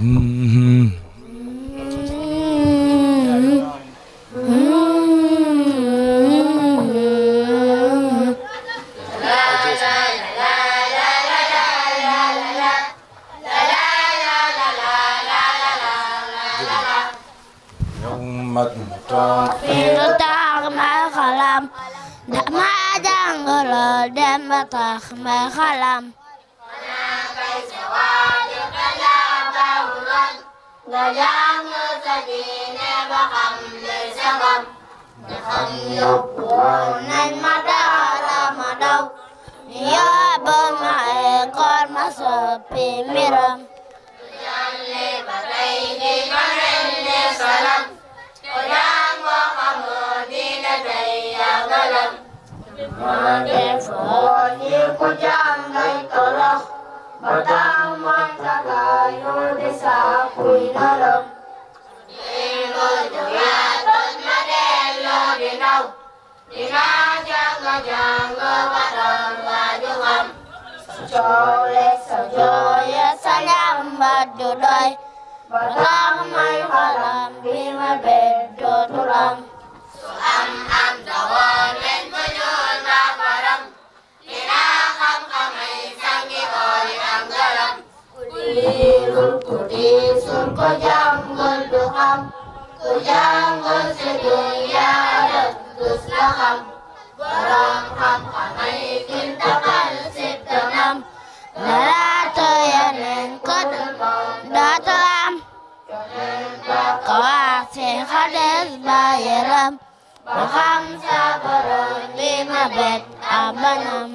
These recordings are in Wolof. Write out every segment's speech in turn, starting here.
خلم دم تخم خلم và giáo ngư ta đi nè ba hầm lời ra ngầm hầm dục buồn nên mà đã là mà đâu nhớ bơ mà con mà sợ bị mi rầm Hãy subscribe cho kênh Ghiền Mì Gõ Để không bỏ lỡ những video hấp dẫn coole sa jooye sa njàmbat ju doy ba tax may xalam bi ma bett dootul am su am am da woon leen ma ñool ba baram dinaa xam-xamay sangi booli am garam ku liirul ku diisul ko jàngul du xam ku jàngul si dunya rek dus la xam borom xam Malato yonen ko dootu am ko wax fi xades ba yaram ba xam sa borom bi ma bet abanam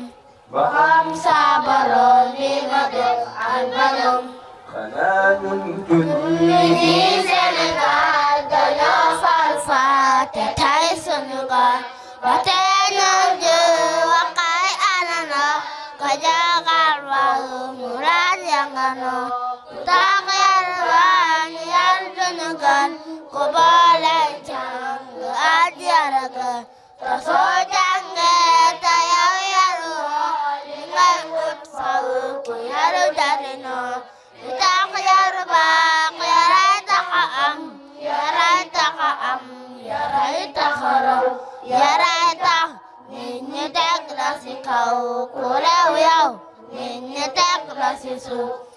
ba xam sa borom bi ma bet abanam xanaa ñun julli ci Sénégal dañoo fal faate tay sunu gaal ba tey كانوا تاخر waan yardunu kan ku boole jàng ak yar kan te soo jàngee te yow yaroo li ngay wut faw ku yaru jarinoo li tax yar baax yaray tax a am yaray tax a am yaray tax a raw yaray tax nit ñi teg la si kaw ku rew yow nit ñi teg la si suuf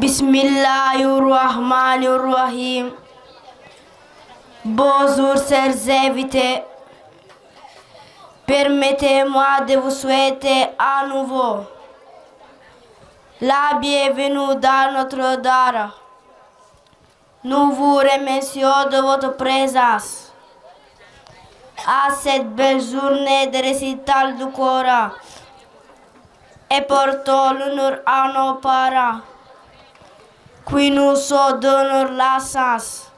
Bismillahirrahmanirrahim. Bozur serzevite, permete Permettez-moi de vous souhaiter à nouveau La bienvenue dans notre dara. Nous vous remercions de votre présence. À cette belle journée de récital du Coran. Et portons l'honneur à nos parents. Qui nous sont donné la chance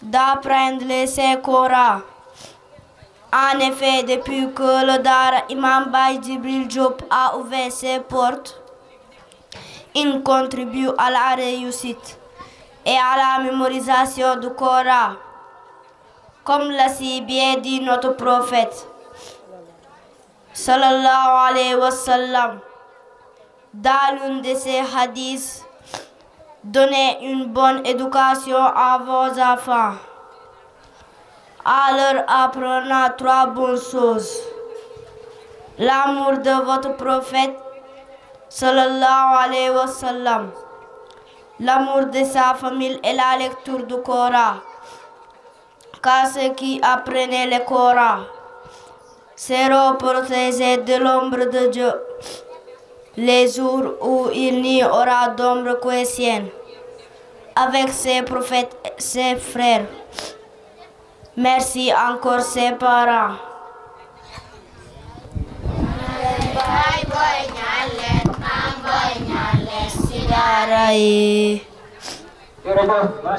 d'apprendre les Coran. En effet, depuis que le Dara Imam Bay Djibril Diop a ouvert ses portes, Il contribue à la réussite et à la mémorisation du Coran, comme l'a si bien dit notre prophète, sallallahu alayhi wa sallam, dans l'une de ses hadiths, donnez une bonne éducation à vos enfants, alors apprenez trois bonnes choses, l'amour de votre prophète, sallallahu alayhi wa sallam l'amour de sa famille et la lecture du Coran car ceux qui apprenaient le Coran seront protégés de l'ombre de Dieu les jours où il n'y aura d'ombre que avec ses prophètes et ses frères merci encore ses parents daara yi jërëjëf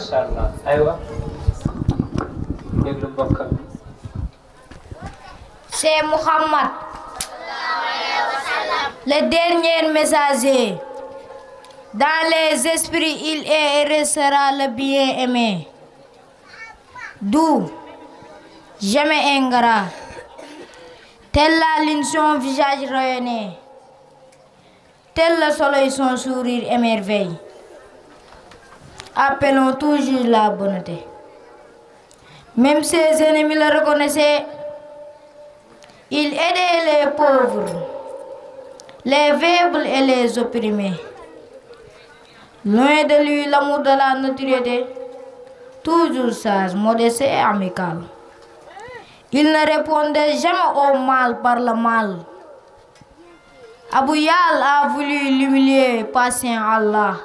le dernier messager dans les esprits il est et restera le bien-aimé doux jamais ingrat tel là visage rayonné Tel le soleil, son sourire émerveille. Appelons toujours la bonté. Même ses ennemis le reconnaissaient. Il aidait les pauvres, les faibles et les opprimés. Loin de lui l'amour de la était toujours sage, modeste et amical. Il ne répondait jamais au mal par le mal. Abu Yal a voulu l'humilier, patient Allah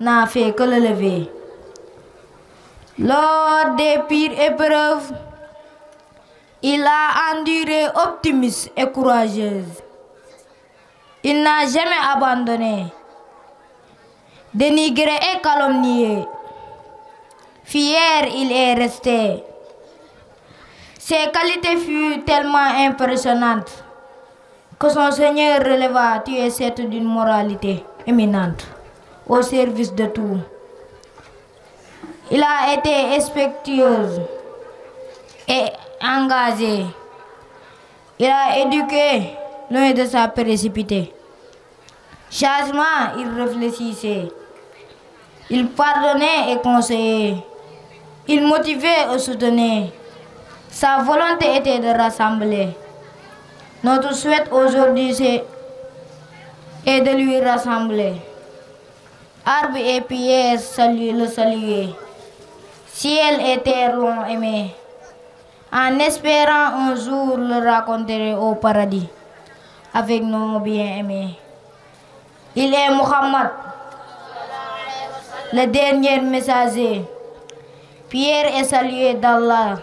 n'a fait que le lever. Lors des pires épreuves, il a enduré optimiste et courageuse. Il n'a jamais abandonné, dénigré et calomnié. Fier, il est resté. Ses qualités furent tellement impressionnantes que son Seigneur releva, tu es cette d'une moralité éminente, au service de tout. Il a été respectueux et engagé. Il a éduqué loin de sa précipité. Chagement, il réfléchissait. Il pardonnait et conseillait. Il motivait et soutenait. Sa volonté était de rassembler. Notre souhait aujourd'hui, est de lui rassembler. Arbre et pierre le saluer. Ciel et terre l'ont aimé. En espérant un jour le raconter au paradis avec nos bien-aimés. Il est Muhammad, le dernier messager. Pierre est salué d'Allah,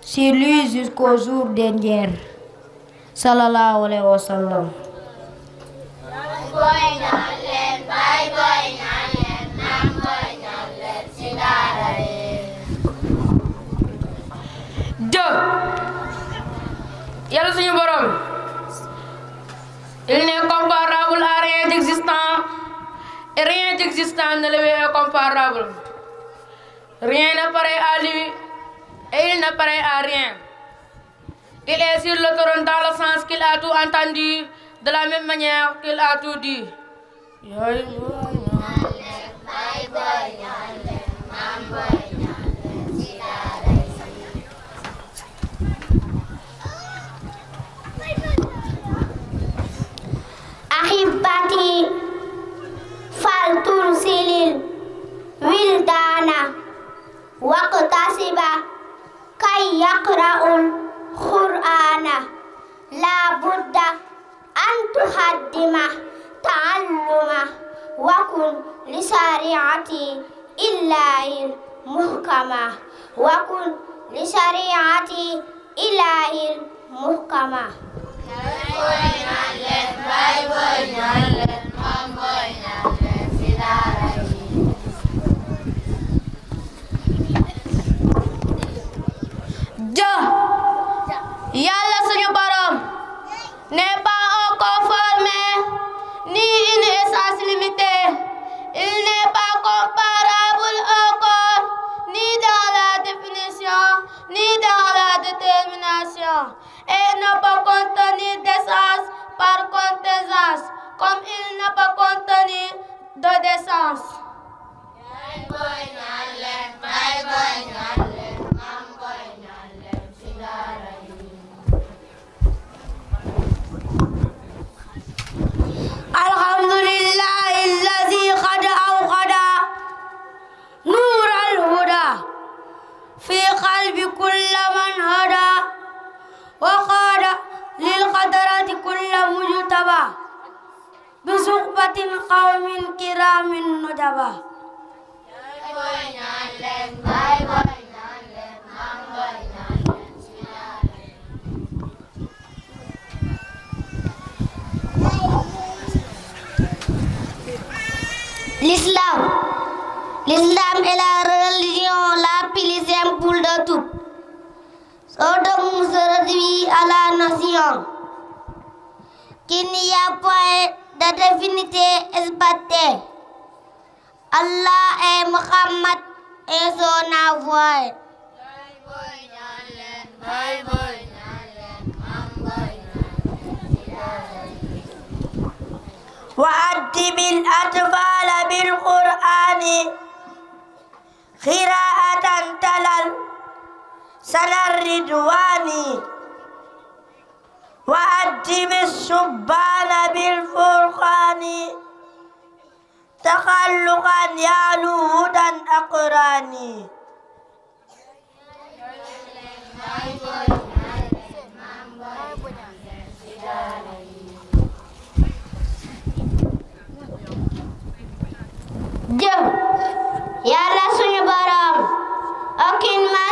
sur lui jusqu'au jour dernier. sallallahu alayhi wa sallam deux yàlla suñu borom il n'est comparable à rien d'existant et rien d'existant ne lui est comparable rien n'appareille à lui et il n'appareille à rien Il est sur le Coran dans le sens qu'il a tout entendu de la même manière qu'il a tout dit. Ahim Pati Faltur Silil Wildana Waktu Tasiba Kayak Raul لا بد أن تقدم تعلمه وكن لشريعتي إلا محكمة وكن لشريعتي إلا محكمة Yo. Ya et ne peut contenir d'essence par contaisance, comme il ne peut contenir de décence. الحمد لله الذي قد أوقد نور الهدى في قلب كل من هدى وقال للقدرة كل مجتبى بصحبة قوم كرام ندبى L'islam. L'islam est la religion la plus simple de toutes. صدق مسردوي على نسيان qu'il n'y a point de divinité exbattée. Allah et Muhammad et son envoyé. وأدب الأطفال بالقرآن قراءة تلال سنى الردوان وأدم السبان بالفرقان تخلقا يعلو هدى أقراني jëf yàlla suñu borom okin ma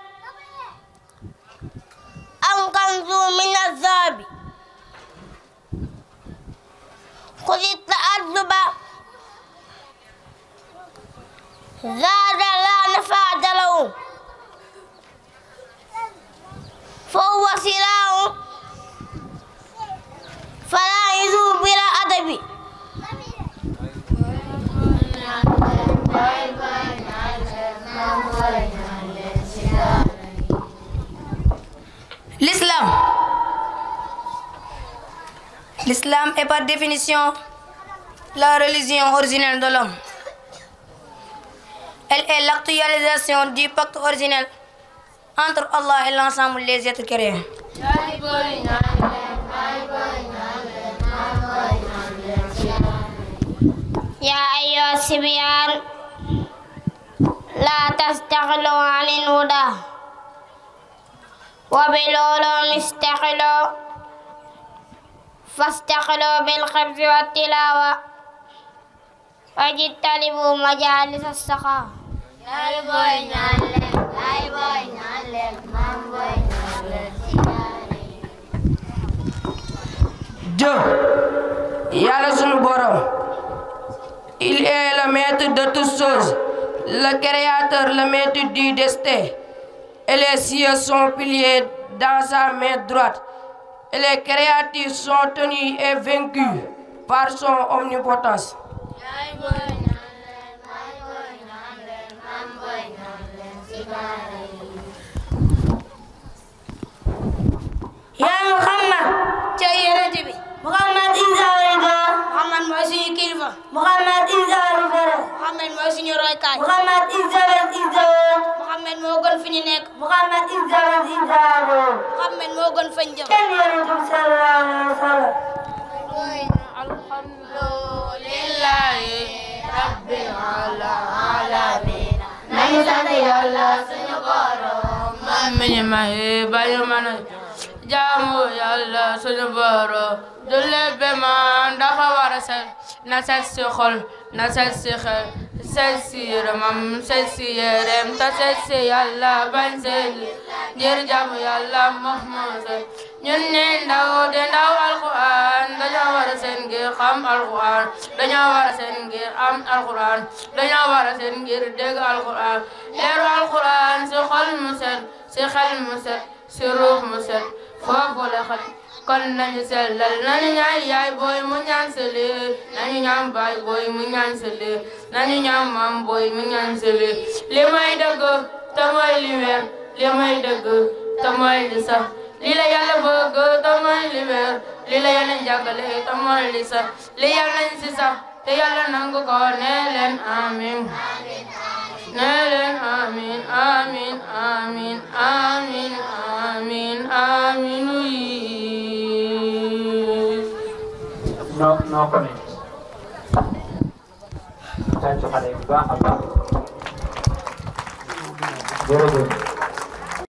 ba Zada la na fa dala o Fo wasila o Fala adabi L'islam L'islam est par définition la religion originelle de l'homme. Elle est l'actualisation du pacte originel entre Allah et l'ensemble des êtres créés. Ya ayo يا أيها الصبيان لا تستغلوا عن الهدى وبالعلوم استغلوا فاستغلوا بالخبز والتلاوة il est le maître de toutes choses le créateur le maître du destin et les cieux sont piliers dans sa main droite et les créatifs sont tenus et vaincus par son omnipotence yaa Muhammad ca yonent bi Muhammad isa wariga Muhammad mooy suñu kilifa Muhammad isa warigara Muhammad mooy suñu roykaay Muhammad isa isa Muhammad moo gën fi ñu nekk Muhammad isa isa Muhammad moo gën fañ jëm kenn yonent bi sallallahu alayhi wa sallam miñu may bayu ma na jaamu yàlla suñu borom du lebe man dafa war a set na set si xol na set si xel set si yaramam set si yéreem ta set si yàlla bañ seen ngir jaamu yàlla Muhammad ñun ne ndaw de ndaw alquran dañoo war a seen ngir xam alquran dañoo war a seen ngir am alquran dañoo war a seen ngir dégg alquran leeru alquran si xol mu set si xel mu set si ruux mu set foofu la xaj kon nañu sellal nañu ñaan yaay booy mu ñaan sële nañu ñaan baay booy mu ñaan sële nañu ñaan maam booy mu ñaan sële li may dëgg te mooy li wér li may dëgg te mooy li sax li la yàlla bëgg te mooy li wér li la yàlla jàngale te mooy li sax li yàlla si sax te yàlla nangu ko nee leen amiin nee leen amiin amiin amiin amiin amiin amiin noo noo ko ne tàccu xale bu baax a baax jërëjëf